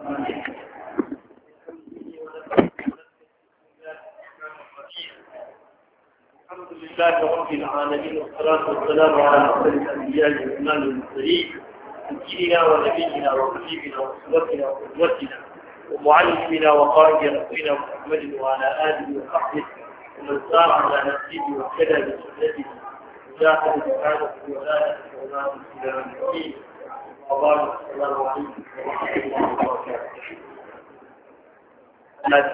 الحمد لله رب العالمين والصلاة والسلام على الأنبياء سيدنا ونبينا وحبيبنا وقدوتنا ومعلمنا وقائد ربنا محمد وعلى آله وصحبه ومن سار على نفسه وكذا بسنته وجاهد سبحانه وتعالى في عباده الإسلام الكريم وبارك السلام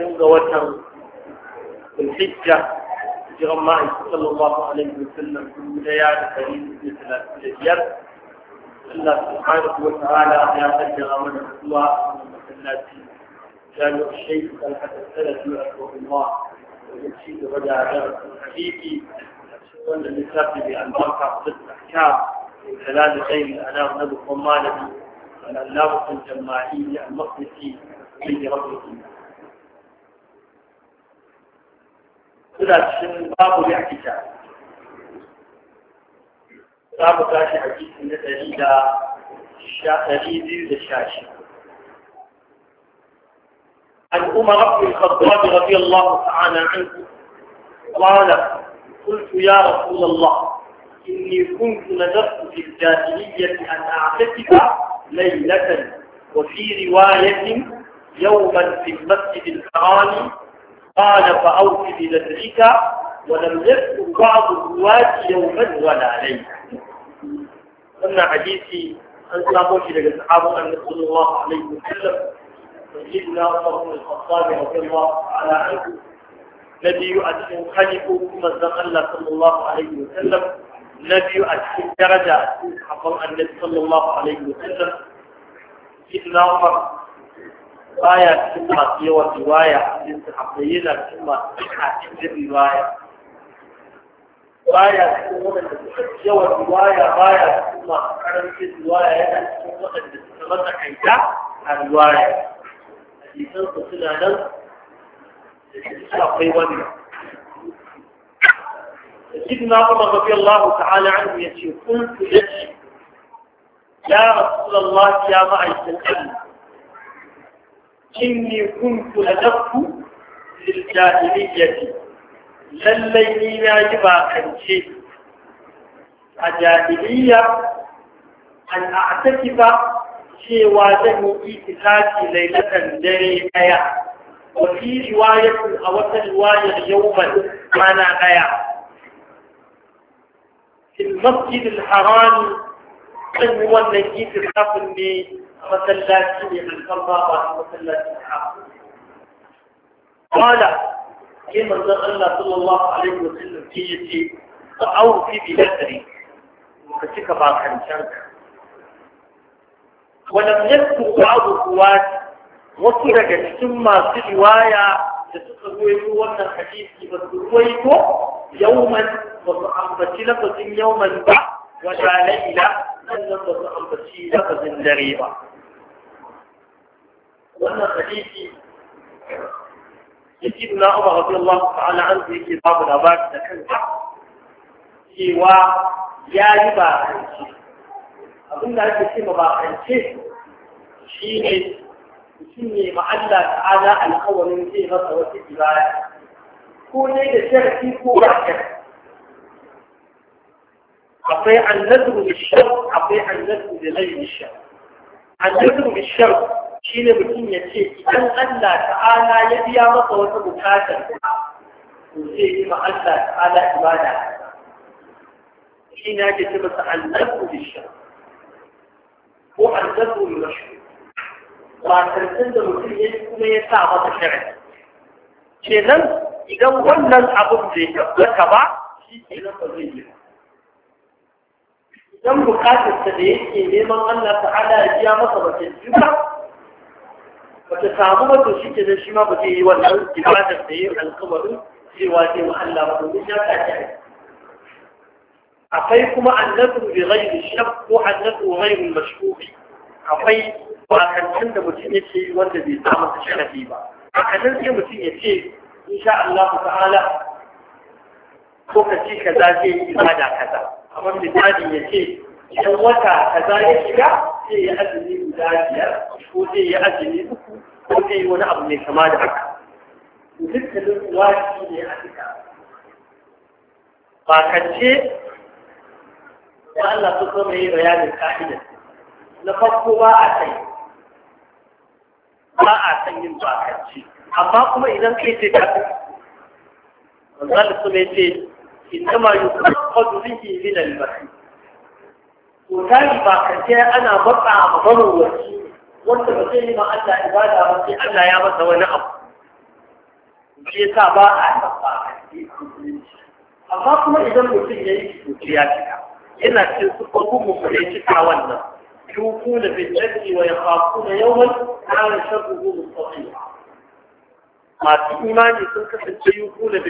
الله وتر الحجة جرم صلى الله عليه وسلم في ليالي كريم مثل الجر الله سبحانه وتعالى يا أجر من أسواء التي كانوا الشيخ طلحة السلف رحمه الله ويرشد غدا درس حقيقي وأن النساء بأنبارك ضد أحكام وكلام شيء الأنام نبو قمالة الألاف الجماعية المقدسي في ربه ثلاث شن باب الاعتكاف باب تاشي حديث من الأريدة الشاهدين للشاشة عن عمر بن الخطاب رضي الله تعالى عنه قال قلت يا رسول الله إني كنت نذرت في الجاهلية أن أعتكف ليلة وفي رواية يوما في المسجد الحرام قال فأوف بنذرك ولم يذكر بعض الرواة يوما ولا ليلة أما حديثي أن ساموشي إلى الصحابة أن صلى الله عليه وسلم سيدنا عمر بن الخطاب رضي الله تعالى عنه الذي يؤذن خلفه ثم استقل صلى الله عليه وسلم na biyu a cikin daraja a cikin sahabban annabi sallallahu alaihi wa sallam sidna umar baya cikin masu yawan riwaya a cikin sahabbai yana cikin masu tsaka cikin riwaya baya cikin waɗanda suka yawan riwaya baya cikin masu karancin riwaya yana cikin waɗanda suka masa kaita a riwaya hadisansa suna nan da shi akwai wannan سيدنا عمر رضي الله تعالى عنه يسير قلت يشير يا رسول الله يا معز الأمن إني كنت أدق للجاهلية للي لا يبا أن شيء الجاهلية أن أعتكف شيء zan yi ليلة lailatan dare daya wa رواية riwayatin a wata riwayar في المسجد الحرام كان هو النجيب الحفل لمثلاتين يعني من الله مثلاتين الحافل قال كما ذكر الله صلى الله عليه وسلم في يدي أو في بلادري وكتك بعض حمشانك ولم يكن بعض القوات وصرك ثم في رواية تتقوي هو الحديث بس يوما وتعمتي لفظ يوما با ولا ليلة سنن وتعمتي لفظ دريبا وانا حديثي سيدنا عمر رضي الله تعالى عنه في باب الأباك لكن سوى يا يبا عنشي أظن أن سيما با عنشي شيء shine ma Allah ta'ala الأول zai masa وسيدي باك كوني ne da sharafi ko عطيع النذر بالشر عطيع النذر لغير الشر النذر بالشر شيني بكين يتي إذن ألا تعالى يبيا مطوة مكاتا وزيه ما ألا تعالى إبادة شيني يتي بس النذر بالشر هو النذر المشروع وعندما تنزل يجب أن يتعب الشرع شيني إذا ولن أبو زيجا لك بعض شيني لك زيجا idan bukatarsa da yake neman Allah ta'ala ya biya masa ba ta ji ba ba ta samu ba to shi ke da shi ma ba zai yi wannan ibadar da yin alkawarin cewa zai wa Allah ba domin ya kaji akwai kuma annatu bi ghairi shak ko annatu ghairi mashkuki akwai wakancin da mutum yake yi wanda bai sa masa sharafi ba wakancin sai mutum ya ce insha Allah ta'ala ko ka ce kaza zai yi ibada kaza kamar misali ya ce idan wata ta ya shiga sai ya azumi guda biyar ko zai ya azumi uku ko zai yi wani abu mai kama da haka dukkanin wajibi ne a duka ce ba Allah su kuma yi bayanin ka'idar na farko ba a sai ba a san yin bakance amma kuma idan kai ce ka manzo Allah su mai ce إنما يتفقد به من البخيل وتالي ما كان جاء أنا بطع مضرورة وانت بطيني ما أنت إبادة بطي أنا يا بطة ونعم وشيسا باع أحبا amma kuma idan mutum ya yi cuci ya cika yana cikin sufofin mummunai cika wannan yuku da bincike wa ya na yawan tsarin shan masu sun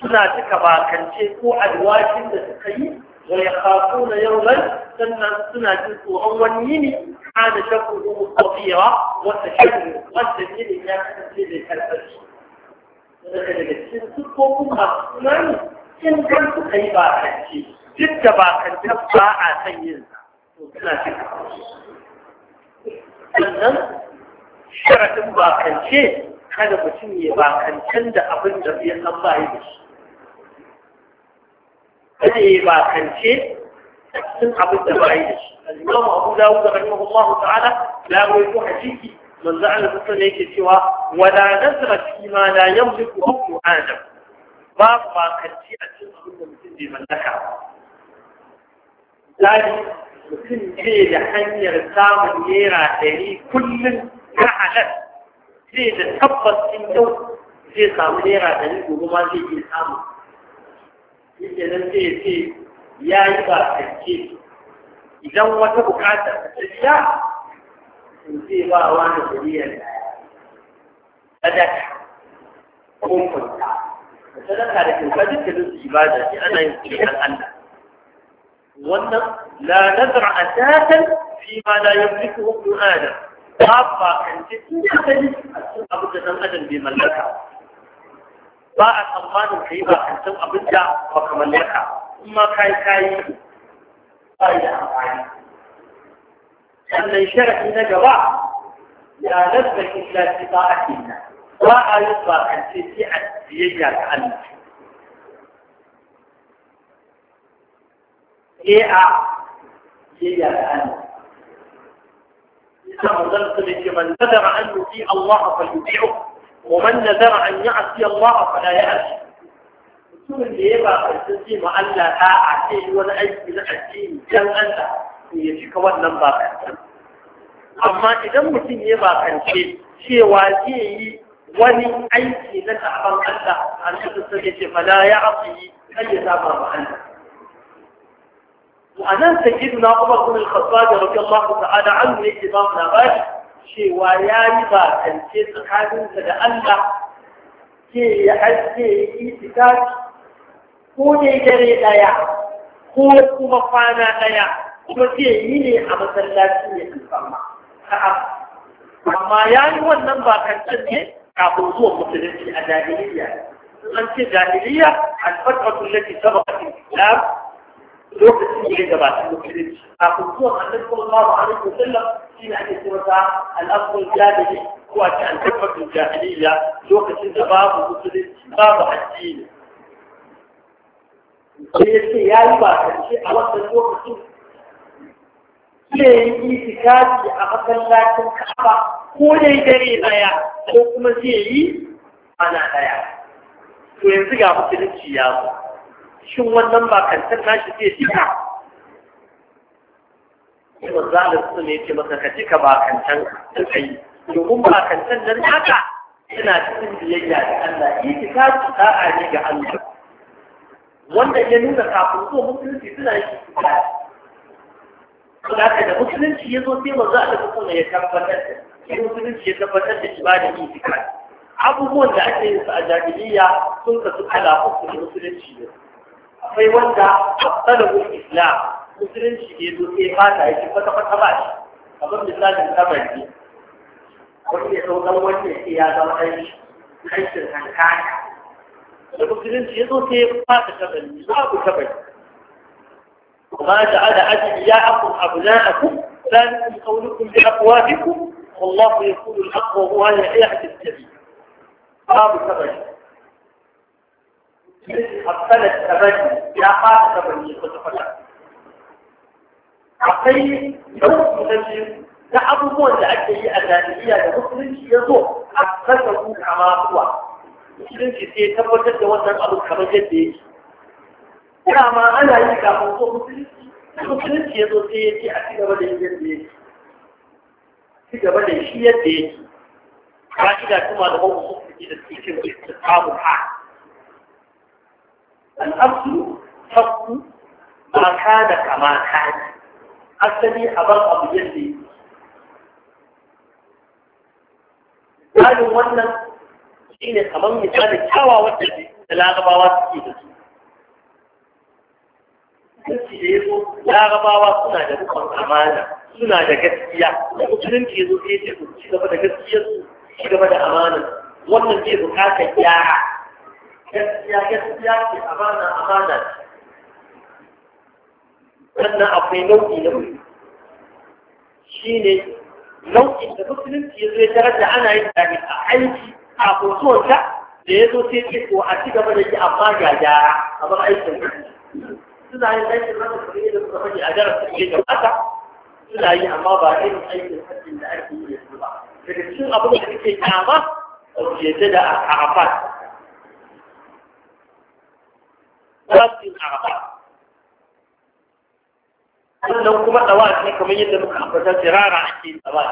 suna cika bakance ko alwashin da suka yi wa ya kafu na yawman sannan suna jin tsoron wani yini kana shakku ko kofiyawa wata shakku wanda yini ya kasance da karfashi daga daga cikin sukokun masu tunani in kan suka yi bakance duk da bakance ba a san yin to suna cika sannan sharaɗin bakance kada mutum ya bakancen da abin da ya san ba yi da shi kada ya bakance a cikin abin da ba yi da shi al-imam abu dawud rahimahullahu ta'ala ya rawaito hadisi manzo Allah sallallahu alaihi yake cewa wala nasra fi ma la yamliku hukmu adam babu bakanci a cikin abin da mutum bai mallaka misali mutum bai da hanyar samun naira ɗari kullum ta halal zai da tabbas ɗin yau zai samu naira ɗari gobe ma zai iya samu yake nan sai ya ce ya yi ba a kake idan wata bukatar ta biya in ce ba wa da miliyan sadaka ko kunta sadaka da kunta dukkanin su ibada ce ana yin kuɗin Allah wannan la a asatan fi ma la yamliku ibn adam ba ba kan ce tun asali a cikin abu da dan adam bai mallaka ba a tsammanin ka yi ba kan san abin da ba ka mallaka in ma kai kayi ba da amfani sannan sharafi na gaba ya nazar illa fi ta'atina ba a yi ba kan ce sai a biyayya ga Allah sai a biyayya ga Allah ثم ذلك من قدر أن يطيع الله فليطيعه ومن نذر أن يعصي الله فلا يأتي ثم يبا أجزي ما ألا أعطيه ولا أجزي لا أجزي يجيك ونن باقا أما إذا مجزي يبا أجزي شيء واجي ولي أجزي لك أحضر أنت أن تستجد فلا يعصي أي دابر عنه وأنا سجدنا أبا من الخطاب رضي الله تعالى عنه إمامنا باشر cewa ya yi ba bakance tsakaninsa da Allah ke ya haske ya yi itikafi ko ne dare ɗaya ko kuma kwana ɗaya kuma zai yi ne a masallaci ne alfamma amma ya yi wannan ba kance ne kafin zuwa musulunci a jahiliya an ce jahiliya alfatwa kullaki sabaka islam lokacin da ya gabata musulunci a a nan kusuwan annabi sallallahu alaihi wasallam shine ake cewa al-afdal jahili ko a ce al-kafatul jahiliya lokacin da babu musulunci babu addini sai ya ce ya yi ba karshe a wannan lokacin zai yi itikafi a masallacin kafa ko dai dare daya ko kuma zai yi ana daya to yanzu ga musulunci ya zo shin wannan ba kantar nashi zai cika sai manzalin su ne ce masa ka cika ba kantar ka kai domin ba kantar nan haka suna cikin biyayya da Allah itikafi sa'a ne ga Allah wanda ya nuna kafin zuwa musulunci suna yi da haka da musulunci ya zo sai manzo Allah kuma ya tabbatar da shi musulunci ya tabbatar da shi ba da itikafi abubuwan da ake yin su a jahiliya sun kasu kala uku da musulunci ne akwai wanda abdalahu islam musulunci ne zo sai fata ya ci kwata kwata ba shi kamar misalin kabari wanda ya saukan wanda ya ya zama ɗan shi kanshin hankali da musulunci ya zo sai fata kabari babu kabari وما جعل أدعياءكم أبناءكم ذلكم قولكم بأقوافكم والله يقول الحق وهو يحيى السبيل باب كبير أبطلت أبدي يا خاطر أبدي فتفتا أقل لو تنجم da abubuwan da ake yi a jami'iyya da musulunci ya zo a kasa ku kama zuwa musulunci sai tabbatar da wannan abu kamar yadda yake ma ana yi kafin ko musulunci musulunci ya zo sai ya ce a cigaba da yin yadda yake cigaba da shi yadda yake ka'ida kuma da wani musulunci da suke cin samun ha al'abdu haƙƙu Maka da kama ne asali a bar abu yadda yi misalin wannan shi ne kamar misalin kyawawan da suke da da ya larabawa suna da amana suna da gaskiya da mutunci zo sai ce ci gaba da gaskiyarsu, ci gaba da amana wannan zai bukata gyara gaskiya gaskiya ce amana amana ce sannan akwai nau'i na shi ne nau'in da musulunci ya zo ya tarar da ana yin tsari a aiki a hotonta da ya zo sai ce ko a ci gaba da shi amma ga gyara a bar aikin suna yin aikin mata kuma da suka faɗi a darasin da ya gabata suna yi amma ba irin aikin hajjin da ake yi da su ba daga cikin abin da suke kyama ba su da a arafat tasirin araba sannan kuma tsawa ne kamar yadda muka ambata tsirara ake tsawa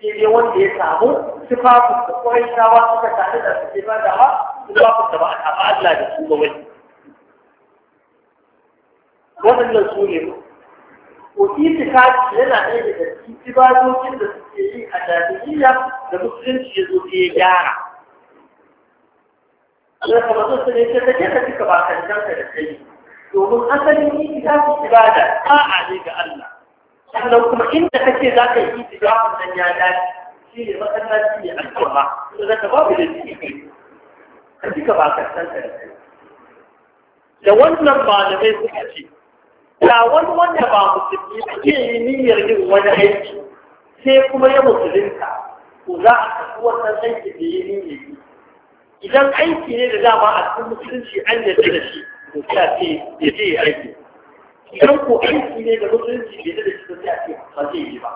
sai dai wanda ya samu sifafin da kwarai shawa suka tare da su ba da ba sifafin da ba a taɓa Allah da su ba wani waɗannan su ne ko itikafi yana ɗaya daga cikin sifafin da suke yi a jami'iyya da musulunci ya zo ya gyara sai ka mazo su ne ta je ka cika bakantanka da kai domin asalin itikafi ibada a'a ne ga Allah sannan kuma inda kake za ka yi itikafin nan ya dace shi ne masallaci ne an kuma da zaka babu da ciki ka cika bakantanka da kai da wannan malamai suka ce da wani wanda ba musulmi ba ke yi niyyar yin wani aiki sai kuma ya musulunta ko za a kasu wannan aiki da ya niyyar yi idan aiki ne da dama a cikin musulunci an yadda da shi to sai ce ya je aiki idan ko aiki ne da musulunci bai da shi to sai ce ba zai yi ba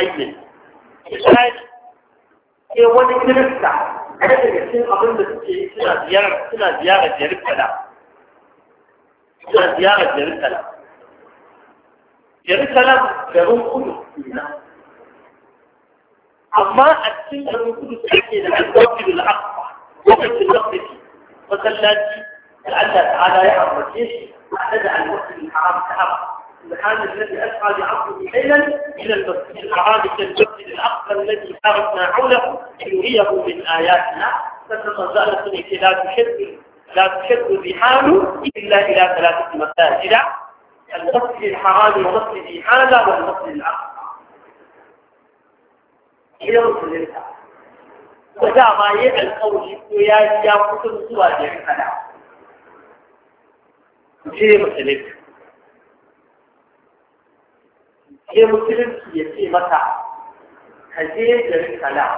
aiki sai wani kirista kada daga cikin abin da suke yi suna ziyarar suna ziyarar jerikala suna ziyarar jerikala jerikalam garin kudu amma a cikin garin kudu suke da alƙawarin al'aqsa وقت الوقت فيه وسلاتي لعل تعالى يعرف الجيش أحدى الوقت الحرام كعب المحام الذي أسعى بعبده ليلا إلى المسجد الحرام كالمسجد الأقصى الذي باركنا حوله لنريه من آياتنا فتتزالت التي لا تشد لا تشد الرحال إلا إلى ثلاثة مساجد المسجد الحرام ومسجد هذا والمسجد الأقصى إلى مسجد الأقصى ko dama ya yi alkawari ko ya ya kusan zuwa da ya kada ne musulunci ce musulunci ya ce mata ka je garin kalam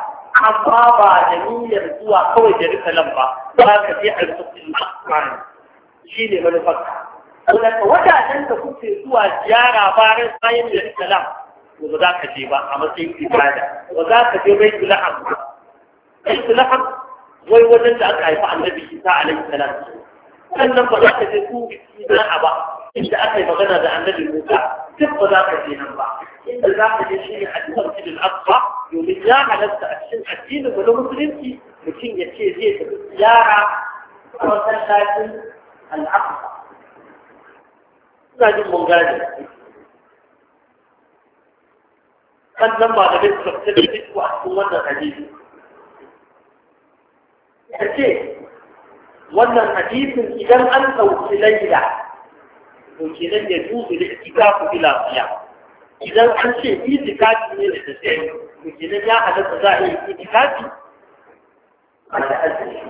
amma ba da niyyar zuwa kawai garin kalam ba Ba ka je alkawari ba shi ne manufarka wadanda wajajen ka kuke zuwa ziyara bayan bayan garin kalam ba za ka je ba a matsayin ibada ba za ka je bai kula amma ikhtilafan wai wajen da aka haifa annabi isa alaihi salam sannan ba za ka je su sana'a ba inda aka yi magana da annabi musa duk ba za ka je nan ba inda za ka je shi ne a cikin masjidin aqsa domin ya halatta a cikin addinin mu na musulunci mutum ya ce zai tafi ziyara a masallacin al'aqsa ina jin mun gane sannan ba da bai tafi da duk a cikin wannan hadisi ka wannan hadisin idan an ɗauki laila to kenan ya dubi da ku bi lafiya idan an ce itikafi ne da daddare to kenan ya halatta za a yi itikafi a da azumi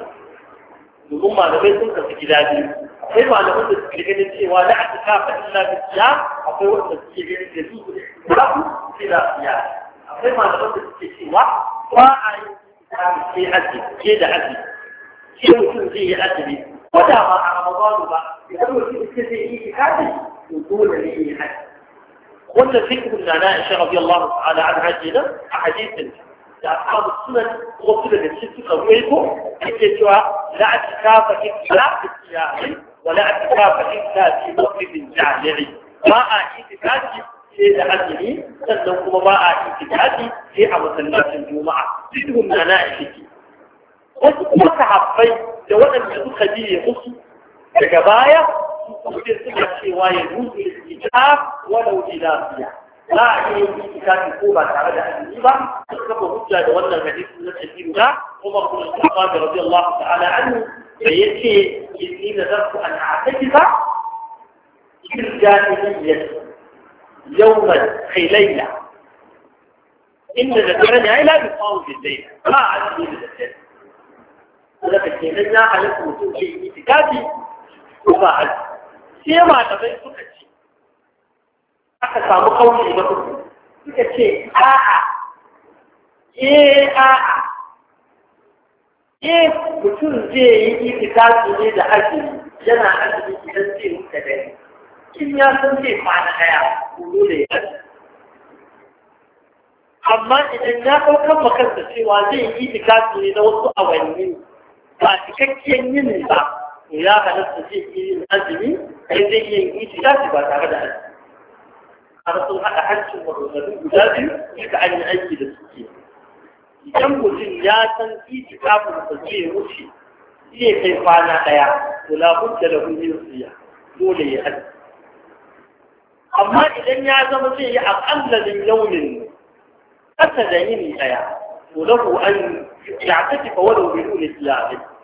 domin malamai sun kasu gida biyu sai malamin da suke ganin cewa na a illa bi lafiya akwai wanda suke ganin da dubi da ku bi lafiya akwai malamin da suke cewa ba a yi itikafi sai azumi ke da azumi يكون في حدي ودا رضي الله تعالى عنها هذه حديث لأصحاب السنة وصلة للسنة قويلكم أجدتها لا اعتكاف إلا في السياح ولا اعتكاف إلا في موقف جعلعي ما أعيد هذه في هذه تنظم وما أعيد هذه في عوض الناس الجمعة جدهم نناء الشيخ wasu kuma sahabbai da waɗanda suka biye musu daga baya suke suna cewa ya rufe ita walau lafiya. za a iya yin itikafi ko ba tare da azumi ba su kafa hujja da wannan hadisi na tafiyu na Umar bin Khattab radiyallahu ta'ala anhu da yace inni nadartu an a'takifa fil jahiliyyah yawman kai layla inda da daren ya yi lafi tsawon billai ba a azumi da daren daga kenan ya halatta mutum ke yi itikafi ko ba hajji sai malamai suka ce aka samu kauli na uku suka ce a'a eh a'a eh mutum zai yi itikafi ne da azumi yana azumi idan zai wuce dare in ya san zai fara daya ko dole ya amma idan ya kaukar kansa cewa zai yi itikafi ne na wasu awanni ba cikakken yini ba ya halatta zai iya yin azumi sai zai iya yin itikafi ba tare da azumi har sun haɗa hancin maganganu guda biyu duka an yi aiki da suke idan mutum ya san kafin sa zai wuce zai kai kwana ɗaya to labudda da hulun siya dole ya haɗu amma idan ya zama zai yi aƙalla aƙallalin yaunin ƙasa da yini ɗaya to lahu an ya kaci fa wadau bi dole siya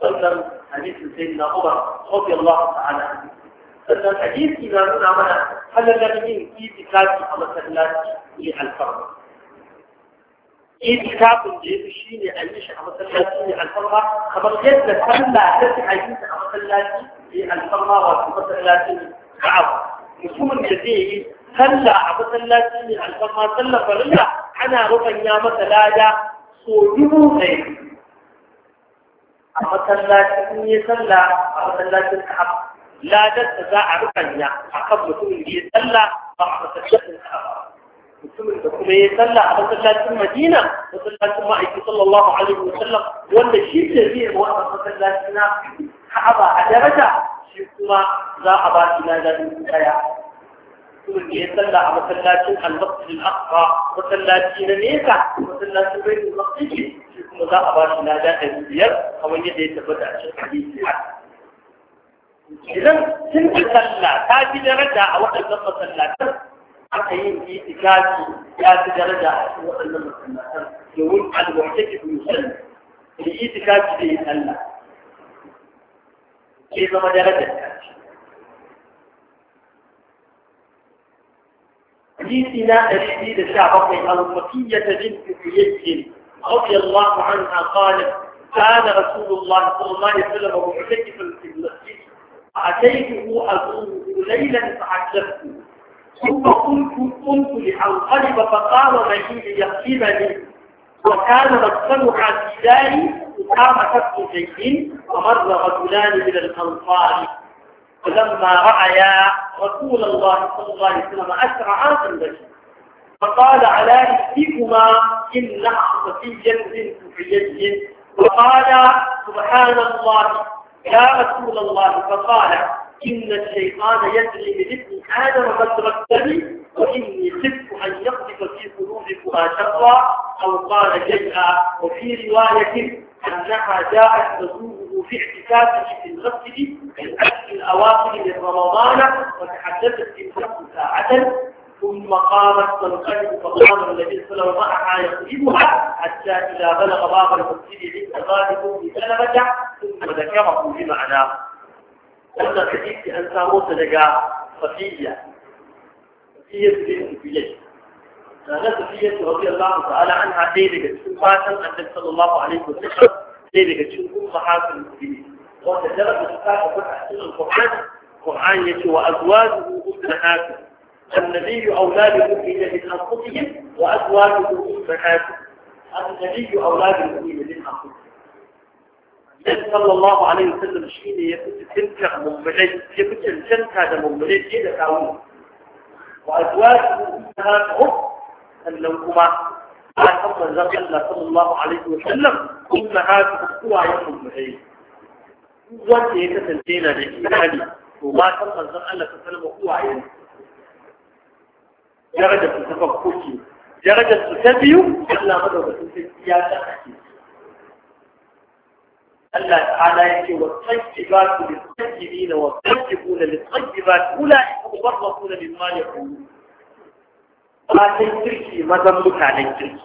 قدم حديث سيدنا عمر رضي الله تعالى عنه ان الحديث اذا من عمله هل الذي في كتاب الله صلى الله عليه وسلم إذا كان جيد الشيني أن يشعر مثلاتي على الفرقة خبر جدا فلا تسعى جيد مثلاتي في الفرقة ومثلاتي بعض مفهوم الجديد فلا مثلاتي على الفرقة فلا فرقة أنا رفع يا مثلاتي صوبه غيره a masallacin in yi sallah a masallacin ka'aba ladar da za a rukanya a kan mutumin da ya sallah ba a masallacin ka mutumin da kuma ya sallah a masallacin madina masallacin ma'aiki sallallahu alaihi wa sallam wanda shi ke biya wannan masallacin na ka'aba a daraja shi kuma za a ba shi ladar daya mutumin da ya a masallacin almasjid al-aqsa masallaci na nesa masallacin bai maqdis shi kuma za a ba shi lada ɗari biyar kamar yadda ya tabbata a cikin hadisi idan sun ci sallah ta fi daraja a waɗannan masallatan aka yin itikafi ya fi daraja a cikin waɗannan masallatan domin al-mu'takifu yusalli da itikafi da yin sallah ke zama daraja. ta حديثنا الذي لشعبه عن صفية بنت حيي رضي الله عنها قالت كان رسول الله صلى الله عليه وسلم معتكفا في المسجد فأتيته أزوره ليلا فعجبته ثم قلت قمت لأنقلب فقام من ليقلبني وكان مدخلها في داري وقام كف شيء فمر رجلان من الأنصار فلما رأيا رسول الله صلى الله عليه وسلم أسرعا في البشر فقال على إيكما إنها صفية من كفية وقال سبحان الله يا رسول الله فقال إن الشيطان يدري بذكر آدم قد ركبني وإني خفت أن يقذف في قلوبكما شرا أو قال شيئا وفي رواية أنها جاءت تزور وفي اعتكافه في المسجد بالعشر الأواخر من رمضان وتحدثت في امرأة ساعة ثم قامت تنقلب فقام النبي صلى الله عليه وسلم معها حتى إذا بلغ باب المسجد عند غالب في سلمة ثم ذكره بمعنى قلنا الحديث أن ساموس لقى صفية صفية بنت بليل كانت صفية رضي الله تعالى عنها قد كتبات النبي صلى الله عليه وسلم sai daga cikin mahasin biyu wanda daraja su ta tafi a cikin النبي أولاد إلى من أنفسهم وأزواجه أمهاته النبي أولاد إلى من أنفسهم صلى الله عليه وسلم شين يكون تنفع مملي يكون تنفع من مملي إلى تعاون وأزواجهم أمهاتهم أنهم كما قال صلى الله عليه وسلم أمهاتكم قوايكم معي wanda ya kasance na da imani to matan manzon Allah ta salama uwaye darajar su ta farko ce darajar su ta biyu Allah madaukakin sarki ya ta ake Allah ta'ala ya ce wa tajibatu lil tajibina wa tajibuna lil tajibat ulai mubarrafuna mimma yaqulu ba sai kirki mazan mutanen kirki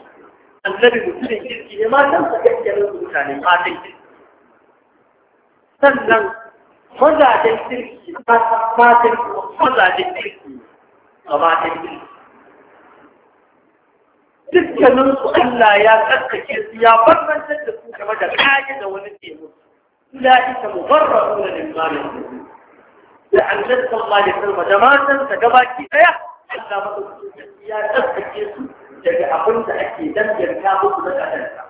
annabi mutumin kirki ne matan sa gaskiyar su mutane matan kirki sannan mazajen kirki matan mazajen kirki a matan kirki dukkanin su Allah ya tsarkake su ya barbantar da su game da kaji da wani temu ulaika mubarra'una min ma yaqulun da annabi sallallahu alaihi wasallam da matan sa gabaki daya Allah su ya tsarkake su daga abin da ake danganta muku na kadanta.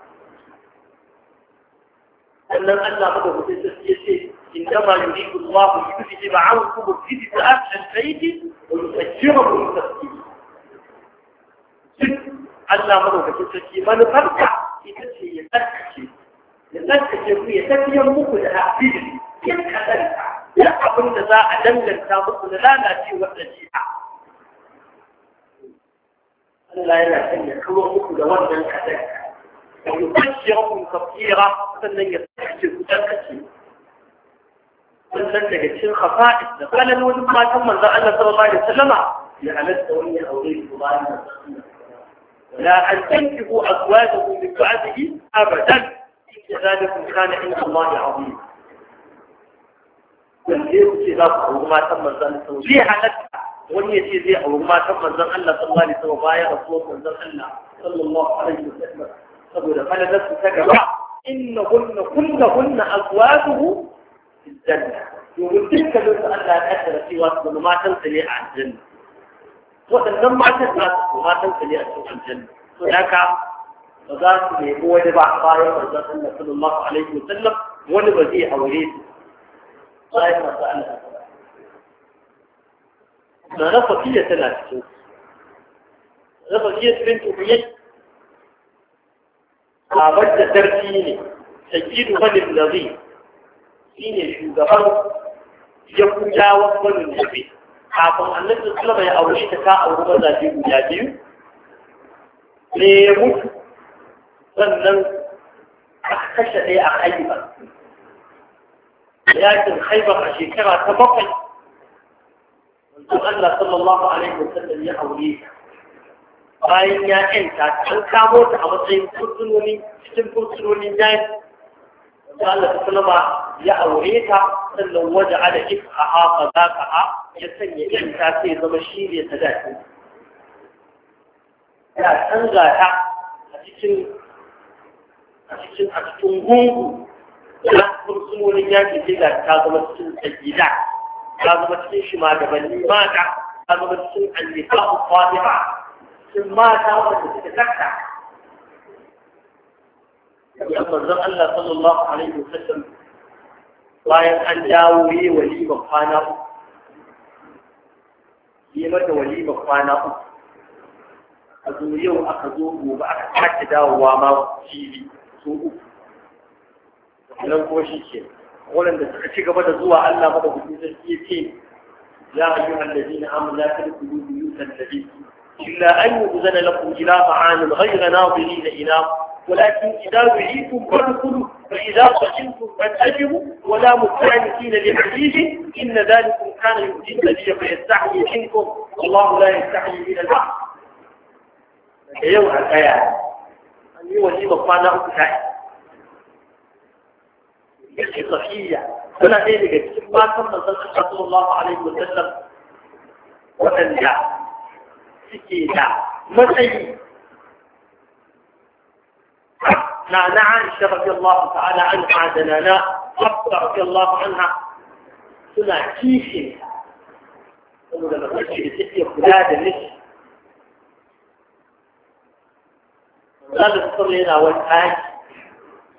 Sannan Allah maka hutun sarki ya ce, in dama yuri kuma ku yi kuɗi ji ba'an kuma fiti ta ashen saiti wa yi tsakira ku yi sarki. Duk Allah maka hutun sarki manufarka ita ce ya tsarkace, ya tsarkace ku ya tafiya muku da hafidin, ya ƙasarsa, ya abin da za a danganta muku na lalacewar da ji'a. Allah yana sanya kawar muku da wannan kadan da yubashirakum tafsira sannan ya kace ku dan kace sannan daga cikin khafa'is da kalan wani matan manzon Allah sallallahu alaihi wasallama ya halatta wani aure ku bayan la an tankihu azwajahu min ba'dihi abadan inna zalikum kana inda Allah azim dan dai ku ce za ku aure matan manzon Allah zai halatta wani ya ce zai auri matan manzan Allah sallallahu alaihi wasallam bayan kuma manzan Allah sallallahu alaihi wasallam saboda falalar su ta gaba innahunna kullahunna azwajuhu fil janna domin dukkanin su Allah ya kaddara cewa su zama matan sa ne a aljanna waɗannan matan za su matan sa ne a cikin aljanna to haka ba za su nemi wani ba bayan manzon Allah sallallahu alaihi wasallam wani ba zai aure su bayan manzon Allah da rafafiya tana cikin rafafiya cikin tuhiyar babar da sarki ne sakidu wani lazi shi ne shugaban ya wasu wani lazi kafin annabi sallama ya aure shi ta ta auri mazaje guda biyu ne ya mutu sannan aka kashe ɗaya a haibar yakin haibar a shekara ta bakwai to Allah sallallahu alaihi wasallam ya aure ta bayan ya ƴanta an kamo ta a matsayin fursunoni cikin fursunonin jayi da Allah sallama ya aure ta sannan waje ala if'aha fa zaqaha ya sanya ƴanta sai zama shi ne sadaki ya canza ta a cikin a cikin a cikin gungu na fursunonin yaƙi sai ta zama cikin gida ta zama cikin shi ma gabanin mata ta zama cikin annifa fatiha cikin mata wanda suka tsakta kamar manzon Allah sallallahu alaihi wasallam bayan an dawo yi walimar kwana uku yi mata walimar kwana uku a zo yau aka zo gobe aka sake dawowa ma fili so uku nan ko shi ke. wanda suka ci gaba لا zuwa Allah ba da gudunar yake ya yi hannadin amla ta dubu ولكن إذا دعيتم فانقلوا فإذا قتلتم فانتجبوا ولا مستعنتين لحديث إن ذلك كان يؤذي النبي فيستحي منكم والله لا يستحي من البحر. يوم الآية أن يوزي مقام سعيد yake safiya suna ɗaya daga cikin matan manzon Allah sallallahu alaihi wasallam waɗanda suke da matsayi na na Aisha radiyallahu ta'ala anha da na na Hafsa radiyallahu anha suna kishin saboda mace da take kula da miji Allah da sallallahu alaihi wasallam yana wani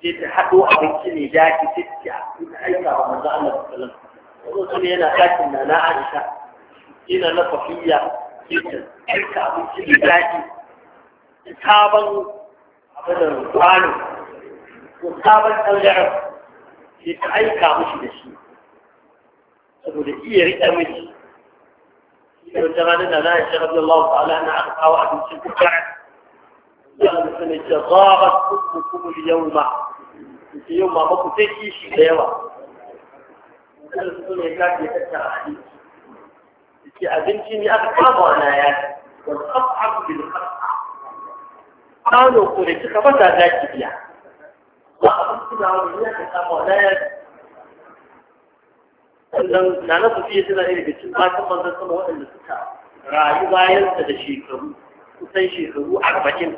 تتحدوا أبي كني جاكي تتجع من أيها رمضاء الله صلى الله عليه أنا كاتم أنا عائشة إن أنا صحية تلك أبي كني جاكي كتابا أبدا رمضان كتابا ألعب تتعيك أبيك مش نشي أقول إيه رئة مش إذا كان أنا لا إشياء رضي الله تعالى أنا أخطأ وأبي كني ا da sani ce zaɓar kuma kuma yau ma yau ma ku sai kishi da yawa kan su ne ka ke tattara abinci ke abinci ne aka kama wana ya wani kafa bil kafa kano ko da kika fata za ki biya ba abinci na wani ya ka kama wana ya sannan na na fiye suna iri da cikin matan manzon sama waɗanda suka rayu bayansa da shekaru kusan shekaru arba'in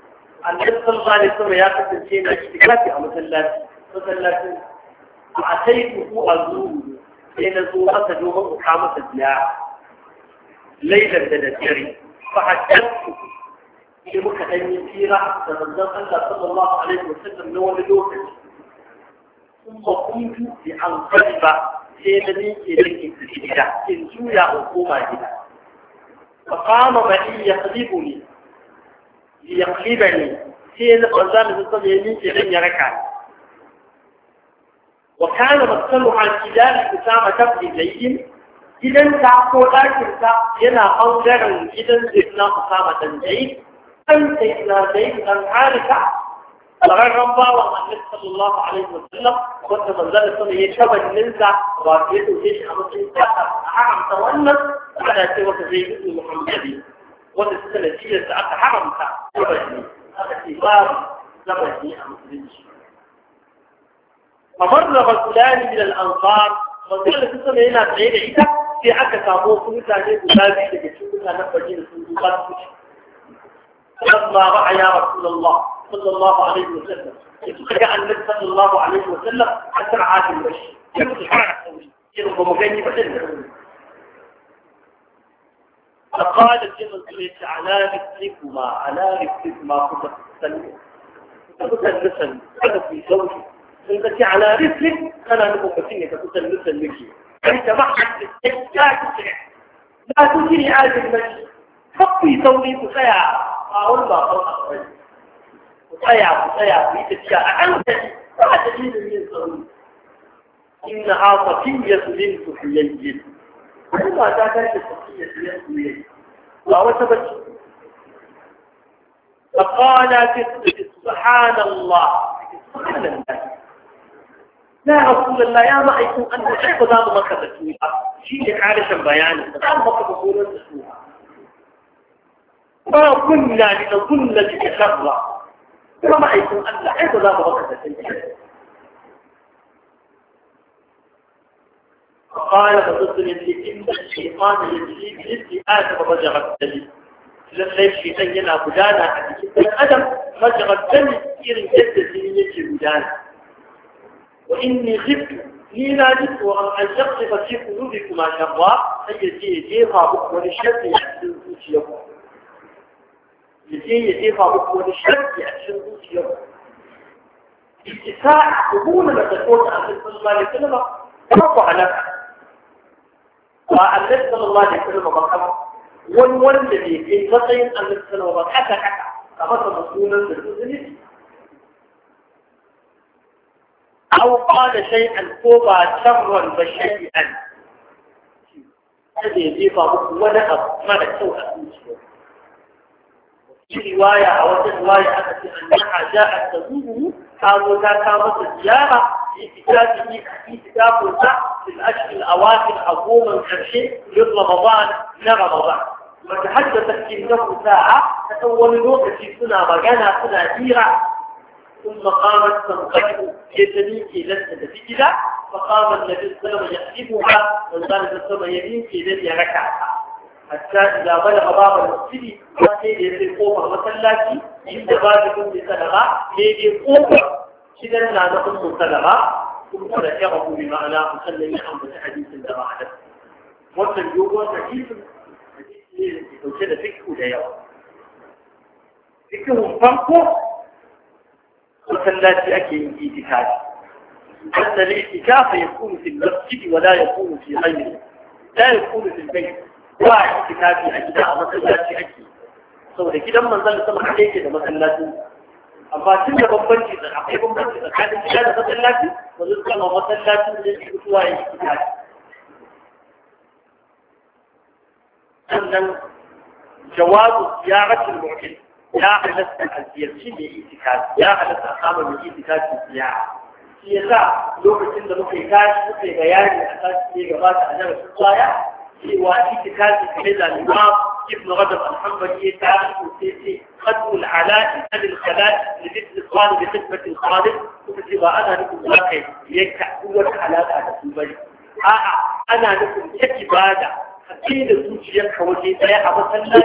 أن يدخل ذلك رياضة الدين اشتكاك أم ثلاثة ثلاثة وعسيته هو الظلم بين الظلمة جوه وحامة الدلاع ليلة من الجري في مكتب كثيرة تنزلت أن صلى الله عليه وسلم نوى لدوك ثم قمت بأن طلب سيدني إليك الجديدة إن سويا أقوم بها فقام من يقلبني ليقلبني سيد قزام الصدر يمين في غني ركعة وكان مقتلها عن جدال أسامة بن زيد إذا تعقوا لكن ينا أنظر إذا إبن أسامة زيد أنت إلى زيد أن عارف الغير ربا وأن صلى الله عليه وسلم وأن مزال الصلاة يشبه النزع وأن يدو جيش أمسين تأخر أعلم تولى على سوى زيد بن محمد wanda suka natiyar da aka haramta labari aka ce babu labari a musulunci kamar da basulani min al-ansar wanda da suka ne yana tsaye da ita sai aka samu wasu mutane guda biyu daga cikin mutanen bajin sun duba su ci lamma ba'a ya rasulullah sallallahu alaihi wa sallam sai suka ga annabi sallallahu alaihi wa sallam a sar'a da shi sai suka fara sauri irin ba mu gani ba da din فقال سيما سيما على رفتكما على رفتكما كنت تسلم كنت تسلم كنت في زوجي كنت على رفتك أنا نقوم بسنك كنت تسلم لك أنت محك لا تسرع لا تجري هذا المجد فقط زوجي مسيع أقول ما خلق أخرج مسيع مسيع في تشاء أنت لا تجري من زوجي إنها صفية بنت الجن فقال سبحان الله الله لا رسول الله يا رأيت أن أحب ذا ما كتبتوها شيء عارشا بيانا ما ما كنا لنظن لك شرا ما رأيت أن أحب ذا ما كتبتوها فقال فضل إن الشيطان يجري بإذن آدم رجع الدم لم الشيطان ينا بدانا عن جسد آدم رجع كثير جدا في الدنيا بدانا وإني خفت لا جد وأن أشقق في قلوبكما شرا فيجي يجيها بك ولشد يحسن أوتيكم يجي يجيها بك ولشد يحسن أوتيكم اتساع قبول ما تقول عن الله عليه وسلم رفع ba annabi ba alaihi wasallam ba kan wani wanda bai kai matsayin annabi sallallahu ba kaka-kaka? a masa masunan da zunubi aw qala shay'an ko ba sharran ba shay'an kada ya jefa muku wani abu mara kyau a zuciya waya a wata waya aka ce annaha ja'at tazuhu ta zo ta kawo masa ziyara اعتكافه اعتكافه في الأشهر الأواخر عموما كرشي لرمضان لرمضان وتحدثت كلمه ساعة تأول لوقت سنة مجانا سنة ديرة ثم قامت تنقلب يتنيك لست نتيجة فقام النبي صلى الله عليه وسلم يحسبها وقال ثم يمينك الذي ركعها حتى إذا بلغ باب المسجد فكيد يسير قوة المسلاكي عند باب كل سنة كيد يقوم إذا لا نقص سلغة ثم ذكره بمعنى مسلم عن حديث دراحة والتجوب حديث حديث وكذا فكه لا ديوان فكه فرقه وثلاث أكيد إيتكاف أن الاعتكاف يكون في المسجد ولا يكون في غيره لا يكون في البيت واعتكافي أجزاء مثلا أكيد سوري كده من ذلك سمح عليك ده مثلا amma tun da bambanci da akwai bambanci tsakanin gida da masallaci ba zai kama lafi da shi zuwa ya shi ta sannan jawabu ziyaratul mu'min ya halatta a ziyarci mai itikafi ya halatta a samun mai itikafi ziyara shi yasa lokacin da muka yi tashi muka yi bayani a tashi ne ta a darasin baya وهذه كتابه كلا نواب ابن رجب الحنبلي تعرف في في خدم العلاء من الخلاء لمثل الخالد بخدمة الخالد وفي أنا لكم واقعي يكع قوة على هذا المجد آه،, آه أنا لكم كتب هذا حكين الزوجية حوالي لا يحبط الله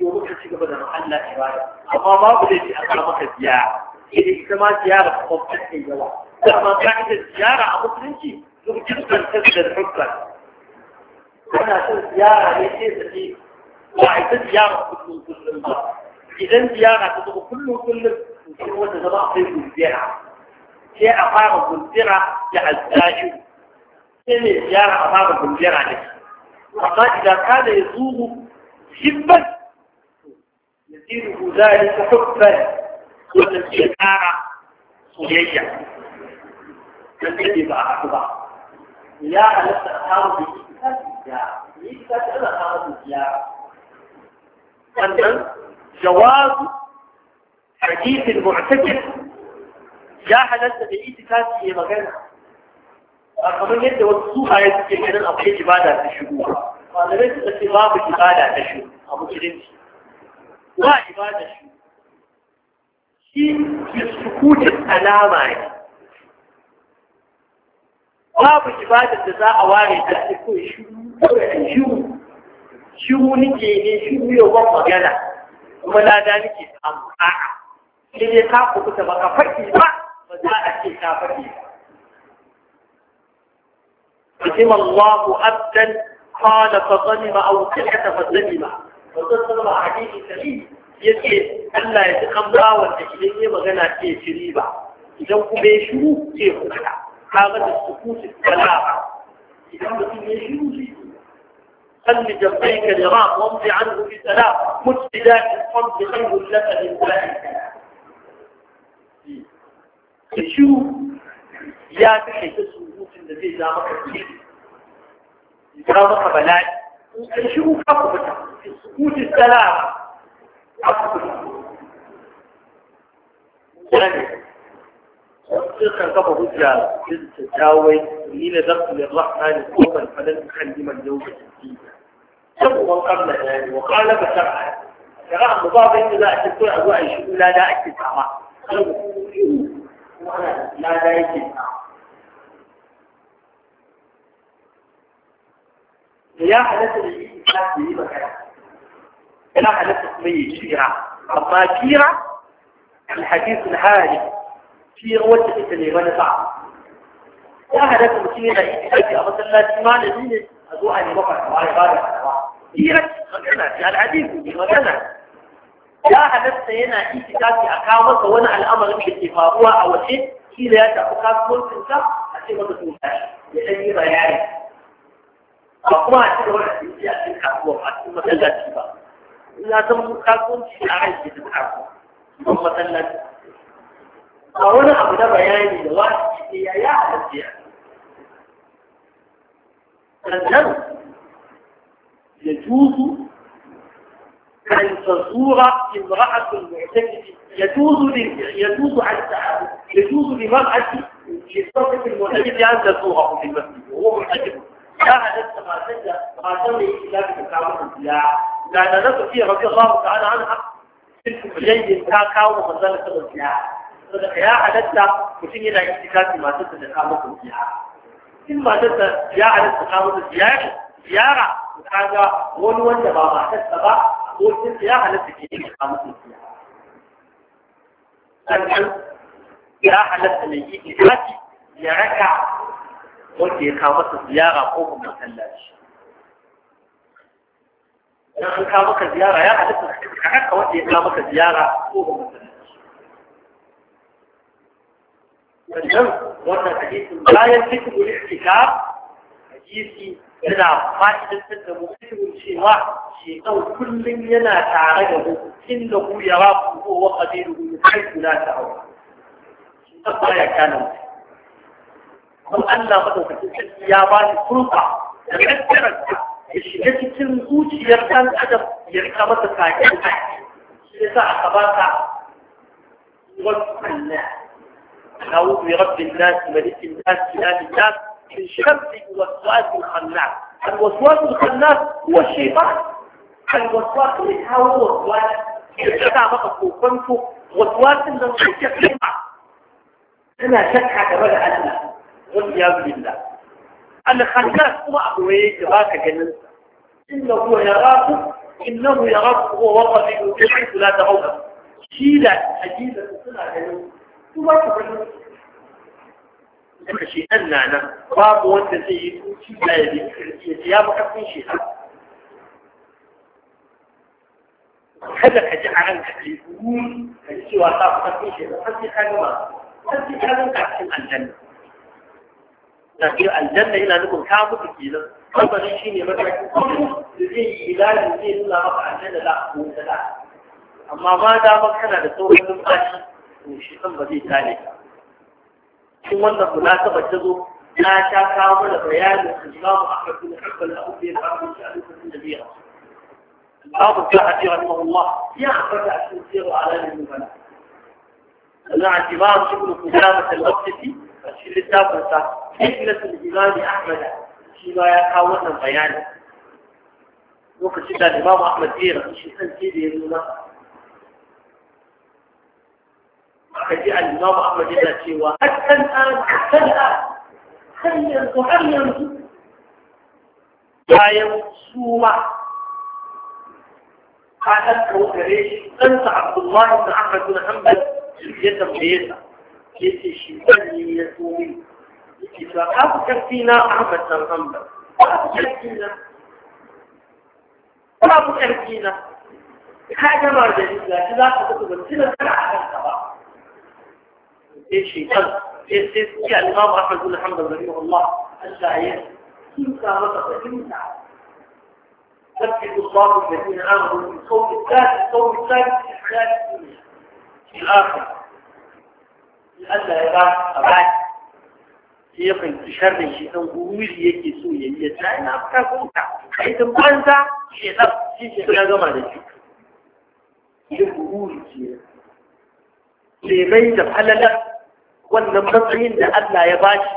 يروح في قبل المحل لا إرادة أما ما بلدي أقربك زيارة إذا كما زيارة فقط تحكي جواب لما قاعد الزيارة أقربك زيارة أقربك زيارة أنا أقول زيارة ليس تجيب وعيد زيارة كل كل إذا زيارة تدخل كل كل وكل وتزرع في الزراعة شيء أقارب الزراعة يعزاجه شيء زيارة أقارب الزراعة فقال إذا كان يزور حبا يزيده ذلك حبا والزيارة صلية لم يجب أحد بعض زيارة لست أقارب أن جواب حديث المعتكف جاء حدث في إيتي تاتي يا مغانا أخبرني أنت وصوها يتكي من الأبحي جبادة تشبوها وأنا بيت أتباب في تشبو أبو كرنسي وا جبادة شو شيء في سكوت الألامة وابو جبادة تزاع واري تشبو kawai an shiru shiru nike ne shiru ya ban magana kuma lada nike samu a'a sai dai ka kubuta ba ka faɗi ba ba za a ce ka faɗi ba قسم الله عبدا قال فظلم او سكت فظلم فظلم حديث سليم yace Allah ya ji kan da idan ya magana ce shiri ba idan kuma ya shiru ce kuka ka ga da sukutu kala ba idan mutum ya shiru shi خل جنبيك لراب وامض عنه بسلام بذاك الصمت خير لك من ذلك تشوف يا تحي تسوق الذي لا مكتب لا بلاي شو كفبك في سقوط السلام عفوا صدقا كما هجا للتجاوي إلى دخل الرحمن قوما فلن تخلم اليوم الدين سبوا من قبل ذلك وقال بشرعا شرع مضاد إنه لا أكتب أجواء يشوف لا لا أكتب أعمى لا لا أكتب يا حالة الإنسان في مكان لا حالة اسمية كيرة أما كيرة الحديث الحالي في غوة التليمان صعب ya halatta mutum yana yi aiki a masallaci malami ne a zo a nema fatawa ya bada سيرة magana ce al'adisu ne magana ya halatta yana itikafi a kawo masa wani al'amarin da ke faruwa a waje kila ya tafi kasuwancinsa a ce masa to ya san yi bayani ba kuma a cikin wani asibiti a cikin kasuwa a cikin masallaci ba ina san kasuwanci a rai ke duk kasuwa ban masallaci a wani abu na bayani da wani ya ya halatta ya sannan يجوز أن تزور امرأة المعتكف يجوز يجوز على يجوز لمرأة لصاحب المعتكف أن تزوره في المسجد وهو معتكف لا حدث ما سجى ما سمي إلا بمكافأة السلاح لا نفسه فيه رضي الله تعالى عنها تلك الجيد تا كاو مزال كذا السلاح صدق يا حدث mutum yana itikafi matarsa da kawo kwanciya in matarsa ya halatta kawo da ziyara kaga wani wanda ba matarsa ba sun ya halatta ke yi a mutunci sannan ya halatta mai yi ikirafi ya raka wanda ya kawo masa ziyara ko kuma masallaci dan an kawo maka ziyara ya halatta ka raka wanda ya kawo maka ziyara ko kuma masallaci sannan wannan hadisin bayan wuri ihtikaf hadisi yana fa'idantar da mu ilimin cewa shekan kullum yana tare da mu inda ku ya ba ku ko wa da ku kai kula ta hawa shekan baya kana mu kuma Allah madaukakin sarki ya ba shi kurfa da kaddara ya shiga cikin zuciyar ɗan adam ya rika masa sakin kai shi yasa aka ba ta wasu Allah أعوذ برب الناس ملك الناس إله الناس بالشمس والسؤال الخناس الوسواس الخناس هو الشيطان الوسواس ليس هو وسواس يتبع فقط وقنته وسواس من في فيها أنا شك حتى بدأ الله والعياذ بالله الخناس هو أبو إيه راك جنن إنه يراك إنه يراك هو والله في حيث لا ترونه شيلة عجيبة سنة جنن ثم تبنوا duka shi ɗan na nan babu wanda zai yi tuci da ya bi karfi ya fi ƙarfin shi ɗan kada ka ji a ranka ka yi gumi ka ji cewa ta fi ƙarfin shi ɗan sai ka gama har sai ka gama cikin aljanna na biyu aljanna yana nufin ka mutu kenan kamfanin shi ne matakin kuma da zai yi ilalin zai nuna maka aljanna za a kuma da amma ma dama kana da sauran numfashi to shi ɗan ba zai tare ka cikin wannan munasaba ta zo ya ta kawo mana bayanin al-Imam Ahmad bin Hanbal a ubi da Abu Sa'id bin Nabiya Abu Sa'id rahimahullah ya fada a cikin sirru alamin nubala sannan al-Imam Ibn Qudamah al-Waqti a cikin littafin sa Ibnat al-Imam Ahmad shi ma ya kawo wannan bayanin lokacin da Imam Ahmad ya rasu shi kan sai da ya zo masa aka ji al-Imam Ahmad yana cewa hatta an hatta an har yanzu har yanzu bayan suma ka ɗan kawo gare shi ɗansa Abdullahi da Ahmad bin Hanbal ya tambaye sa ya ce shi ɗan ne ya so min yake cewa ka fi ƙarfi na Ahmad bin Hanbal ka fi ƙarfi na ka fi ƙarfi na ka gama da ni ga shi za ka tafi ban tunan kana a kanka ba ايش يقل ايش ايش يعني ما راح نقول الحمد لله رب الله الشاعر كم كان رتبه كم كان تبكي الصلاة الذين آمنوا في الصوم الثالث الصوم الثالث الثالث في الآخر لأن العباد أبعد يقن تشهر من شيء أن أمير يجي سوية يتعين أبقى كنت حيث مانزا شيء لا شيء شيء لا جمع لك يقول سيئة سيئة بحل لك wannan matsayin da Allah ya bashi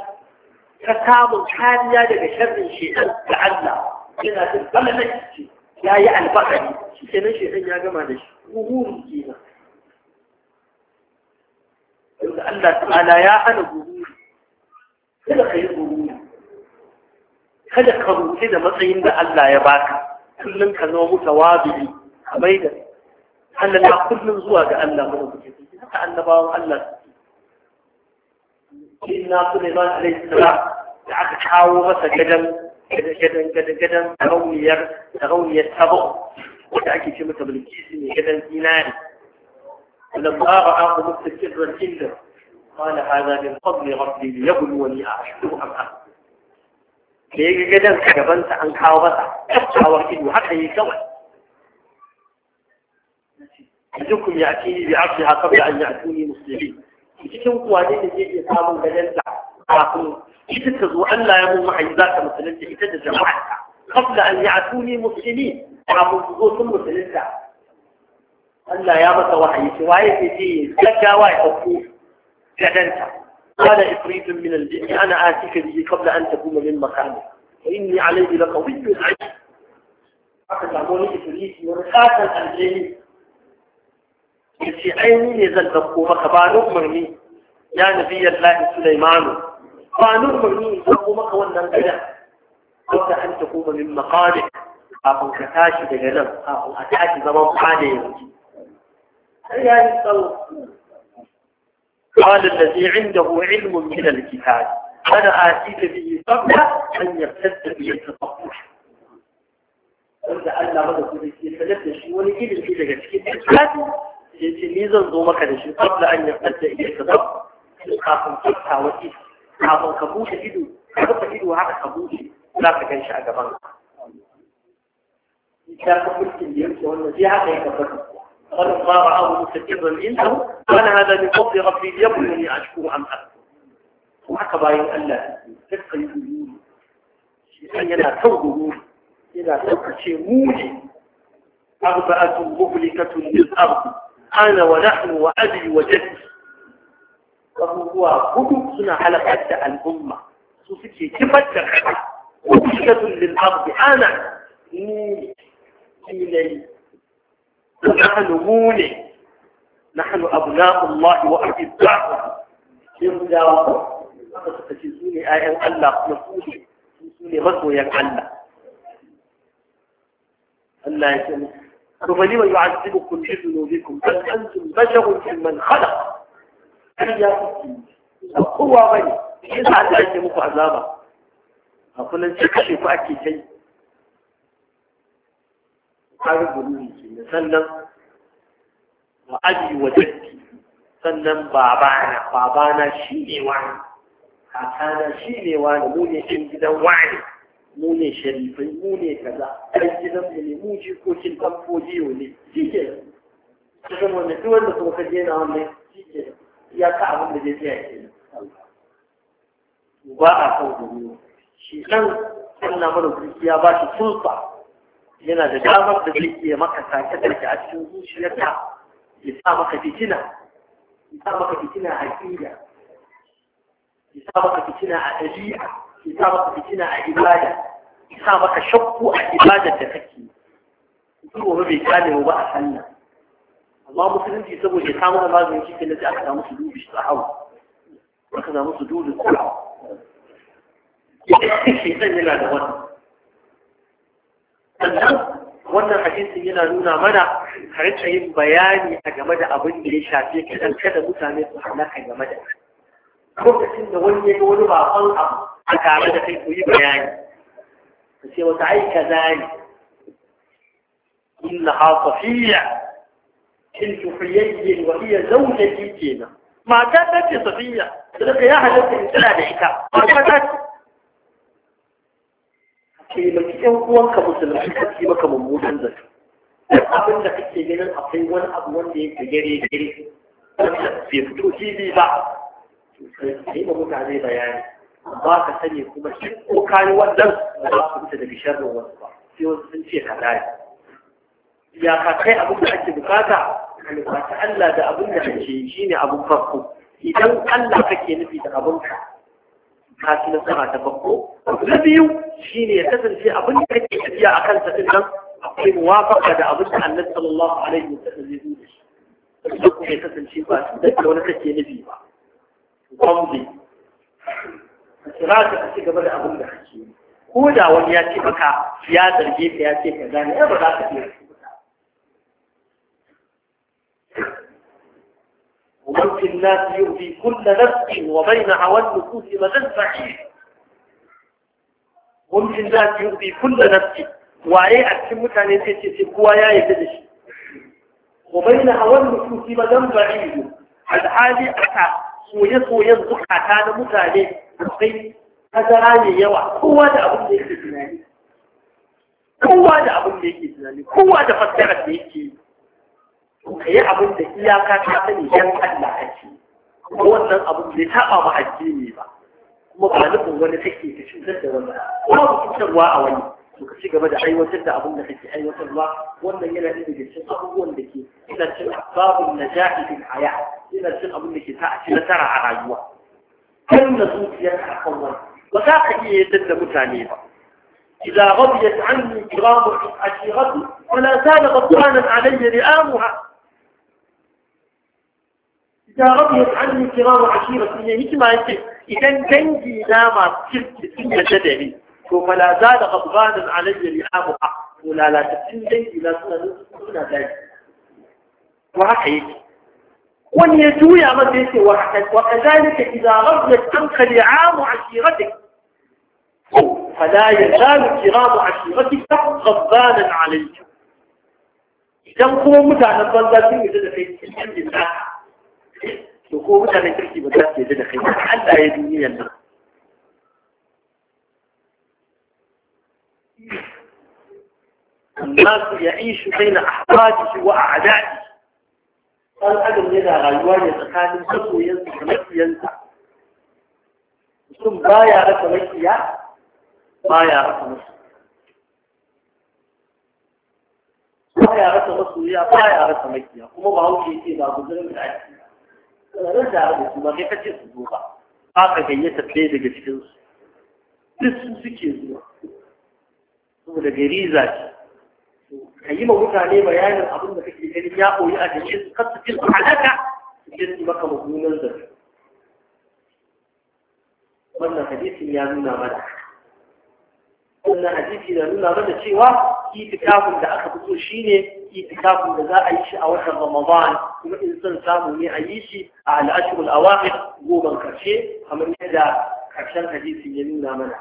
ta samun kariya daga sharrin shekan da Allah yana jin balalan ce ya yi albakari shi kenan shekan ya gama da shi guhuri kenan yanzu Allah ta'ala ya hana guhuri kada ka yi guhuri kada ka rufe da matsayin da Allah ya baka kullum ka zama mutawazili kamar da Allah na kullum zuwa ga Allah mana kuke haka annabawan Allah إن سليمان عليه السلام يعد حاوغس قدم قدم قدم قدم تغوني ير تغوني يتبع وتأكي في مكبل الجسم قدم إنان ولما رأى مكت الجر الجنة قال هذا من فضل ربي ليبلوني أعشده أم أهل ليه قدم كبنت عن حاوغس أفتح وكيد وحتى يتوح أحدكم يأتيني بعرشها قبل أن يأتوني مسلمين cikin kuwane da zai iya samun gadanta kafin ita ta zo Allah ya mun wahayi za ta musulunta ita da jama'arta qabla an ya'tuni muslimi kafin su zo sun musulunta Allah ya masa wahayi shi waye ke ce gaggawa ya ɗauko gadanta قال إفريت من الجن أنا آتيك به قبل أن تقوم من مكانك وإني عليه لقوي عزيز أخذ عمولي إفريت مرخاصا الجن yace ai ni ne zan dauko maka ba ni umarni ya nabi Allah Sulaiman ba ni umarni in dauko maka wannan gada wanda an ta kuma min maqadi kafin ka tashi daga nan kafin a tashi zaman fada yanzu har ya yi tsawo قال الذي عنده علم من الكتاب أنا آتيك به قبل أن يرتد بي التطور wanda Allah mada kudi ke sanar da shi wani irin shi daga cikin ɗan تلميذاً ضومك قبل أن يبدأ إليك ضب تلقاكم فتحة وإيه تلقاكم كبوشة إدو كبوشة إدو هذا كبوشة لا تكنش أجبان لكن قلت اليمس والنزيحة كيف تبقى قال ما رأاه مستقراً إنه هذا من ربي ليبني أشكو عن أكبر وحكى باين أن لا تبقى يقولون شيئاً إذا تبقى شيء موجي أغبأة مبلكة للأرض أنا ونحن وأبي وجدي وهو هدوء سنة على قد الأمة سوسكي تفتح وحشة للأرض أنا نيلي إلي نحن مولي نحن أبناء الله وأحباؤه يرجعوا haka suka ce su ne ‘ya'yan Allah kuma su ne su فلما يعذبكم ذنوبكم بل أنتم بشر ممن خلق هو من يسعى العلم مكو عذابا أقول أن تكشف أكي شيء هذا بنوني سلم وأبي وجدي سلم بابانا بابانا شيني وعن kakana شيني ne wani شيني ne mu ne sharifai mu ne kaza ɗan gidan mu ne mu jikokin ɗan fodiyo ne shi ke ta zama wanda duk wanda kuma ka jena wanda shi ke ya ka abin da zai tsaya ke ba a kan gudu shi nan na mara ya ba shi sulfa yana da damar da zai iya maka sake sake a cikin zuciyarka ya sa maka fitina ya sa maka fitina a ƙiya. ya sa maka fitina a ɗabi'a ya sa maka fitina a ibada ya sa maka shakku a ibadar da kake su gobe bai kane ba a sallah amma musulunci saboda ya samu da maganin shi kenan sai aka samu su dubi su hau aka samu su dubi su hau shaitan yana da wani. sannan wannan hadisin yana nuna mana karanta yin bayani a game da abin da ya shafe ka kada mutane su halaka game da lokacin da wani ya yi wani bakon abu a tare da kai ku yi bayani ku ce wata ai kaza ne inna ha safiya in tufiyayye wa iya zaujaki kenan mata ta ce safiya da ya halatta in tsira da ita mata ta ce ke maki ƴan uwanka musulmi ka ce maka mummunan zato duk abin da kake ganin akwai wani abu wanda yake gare gare wanda bai fito fili ba sai ma mutane bayani Ba ka sani kuma shi ko kayi wannan ba za ku fita daga sharrin wasu ba sai wasu sun ce ka dai ya ka kai abin da ake bukata ka nufaci Allah da abin da ake yi shine abin farko idan Allah kake nufi da abin ka ka ci nasara ta farko na biyu shine ya kasance abin da kake tafiya a kansa din nan akwai muwafaqa da abin da Annabi sallallahu alaihi wasallam ya zo da shi duk ya kasance ba da wani kake nufi ba kwambi kira ka ka ci gaba da abin da kake ko da wani ya ce maka ya zarge ka ya ce ka gane ai ba za ka iya ومن في الناس يؤذي كل نفس وبينها والنفوس مدى بعيد ومن في الناس يؤذي كل نفس waye a cikin mutane sai ce sai kowa ya yi da shi wa bayna hawan nufusi madan ba'id alhali aka soye soyen zukata na mutane akwai tazara mai yawa kowa da abin da yake tunani kowa da abin da yake tunani kowa da fassarar da yake yi ka yi abin da iyaka ta sani yan Allah ake kuma wannan abin bai taɓa ma addini ba kuma ba nufin wani take ta cutar da wani kuma babu cutarwa a wani to ka ci gaba da aiwatar da abin da kake aiwatarwa wannan yana ɗaya daga cikin abubuwan da ke ina cin babun najahi fil haya ina cin abin da ke ta a ci nasara a rayuwa كلمة zuciyarka akan wani ba za ka إذا غضيت عني كرام عشيرتي ولا زال غضبانا علي لئامها إذا غضيت عني كرام عشيرتي هي إذا دنجي نام تلك سنة جدري فلا زال غضبانا علي لئامها ولا لا تسن دنجي لا سنة سنة ذلك وهكذا وليتو يا مجلس وكذلك إذا غضلت أنت لعام عشيرتك فلا يزال كرام عشيرتك غضبانا عليك إذا نقوم متعنا الضلاتي وإذا نفيت الحمد لله نقوم متعنا تكتب ذاتك إذا نفيت حتى الناس يعيش بين أحبابه وأعدائه ɗan adam yana rayuwa ne tsakanin masoyansa da makiyansa mutum baya rasa makiya baya rasa masu baya rasa masoya baya rasa makiya kuma ba hauke ce ba guzurin da ake tsananin da da su ba kai kace su zo ba ba ka gayyata ɗaya daga cikinsu duk su suke zuwa saboda gari ce. ka yi ma mutane bayanin abin da kake ganin ya koyi a jikin su kasu fil halaka su su maka mummunan da wannan hadisin ya nuna mana wannan hadisi na nuna mana cewa itikafin da aka fito shine itikafin da za a yi shi a watan Ramadan kuma in son samu ne a yi shi a al'ashirul awakhir goban karshe kamar yadda karshen hadisin ya nuna mana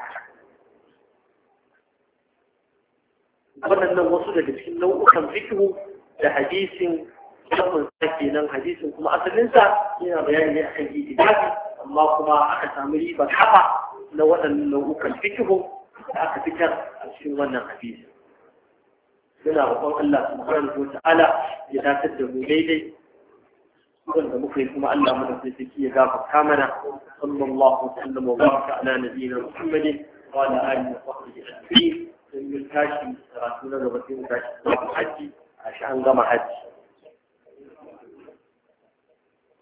waɗannan wasu daga cikin nau'ukan fikihu da hadisin zaman sake nan hadisin kuma asalinsa yana bayani ne akan idibabi amma kuma aka samu riba kafa na waɗannan nau'ukan fikihu da aka fitar a cikin wannan hadisi yana roƙon Allah subhanahu ta'ala ya dakatar da mu daidai wanda muka yi kuma Allah mana sai saki ya gafarta mana sallallahu alaihi wa sallam wa baraka ala nabiyyina Muhammadin wa ala alihi wa sahbihi ajma'in sai mu tashi karatu na gaba sai mu tashi zuwa haji a shi an gama haji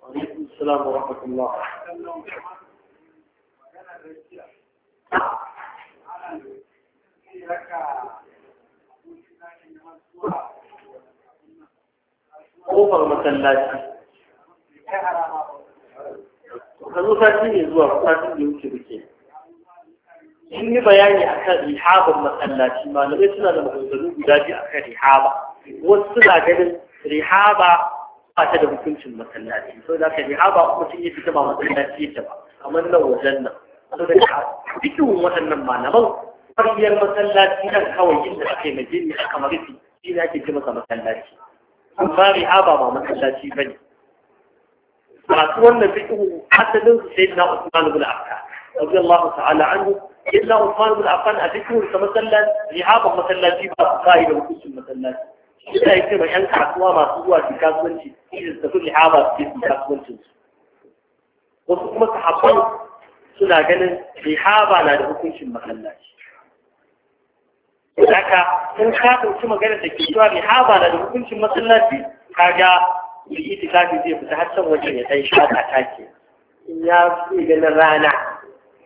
alaikum salam wa rahmatullah kofar masallaci ka zo sati ne zuwa satin da wuce duke in yi bayani a kan rihaban masallaci malamai suna da maganganu guda biyu a kan rihaba wasu suna ganin rihaba ba ta da hukuncin masallaci sau da ka rihaba mutum ya fita ba masallaci yake ba kamar nan wajen nan sau da ka cikin waɗannan malaman ƙwariyar masallaci nan kawai inda aka yi majini a kamar rufi shi ne ake ji masa masallaci amma rihaba ba masallaci ba ne masu wannan fiƙihu asalin su sai na Usman ibn Affan radiyallahu ta'ala anhu illa Usman bin Afan a cikin sa masallaci rihaban masallaci ba su yi da hukuncin masallaci shi da yake ba yan kasuwa masu zuwa su kasuwanci shi da su rihaba su su kasuwancin wasu kuma su sahabban suna ganin rihaba na da hukuncin masallaci Daka sun ka ɗauki maganar da ke cewa rihaba na da hukuncin masallaci kaga mai itikafi zai fita har can wajen ya ɗan shata take in ya fi ganin rana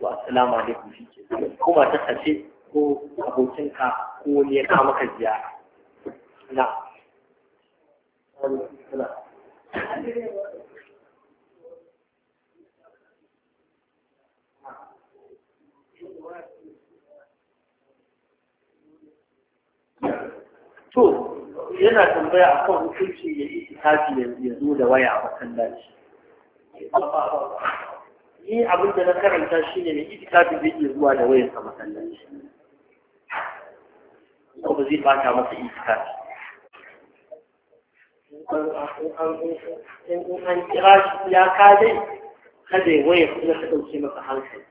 to assalamu alaikum shi ke ko ba ta kace ko abokinka ko wani ya kama ka ziyara na to yana tambaya a kan hukunci ya yi tafi ya zo da waya a daji. ni abin da na karanta shi ne mai itikafi zai iya zuwa da wayar sa masallaci ko ba zai bata masa itikafi in an kira shi ya ka dai kada ya wayar kuma ta ɗauke masa hankali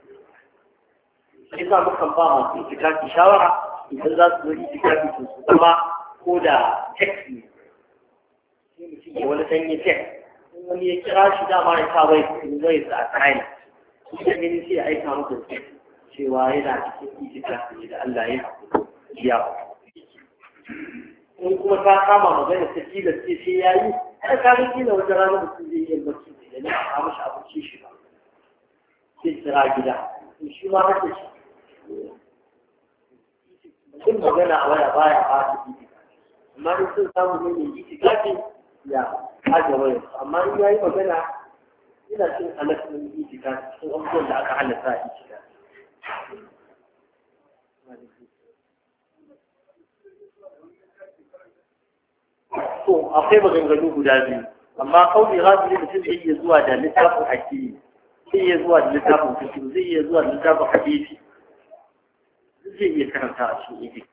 sai sa mukan ba masu itikafi shawara idan za su zo itikafi to su zama ko da text ne sai mutum ya wani sanye text wani ya kira shi dama ya sa wayar su zai sa a tsayin ita gani sai aika masa cewa yana cikin ijita ne da Allah ya ya in kuma ta kama magana ta kila ce sai ya yi har ka ga kila wata rana mutum zai yi barci da ne a mashi abinci shi ba sai tsira gida in shi ma haka shi mutum magana a waya baya ba su ijita amma in sun samu ne mai ijita ya ajiye wayarsu amma in ya yi magana Ina cin halatta na itika cikin abubuwan da aka halatta a itika to akwai maganganu guda biyu amma kauli rafi mutum zai iya zuwa da littafin hakimi zai iya zuwa da littafin fikiru zai iya zuwa da littafin hadisi zai iya karanta a cikin itika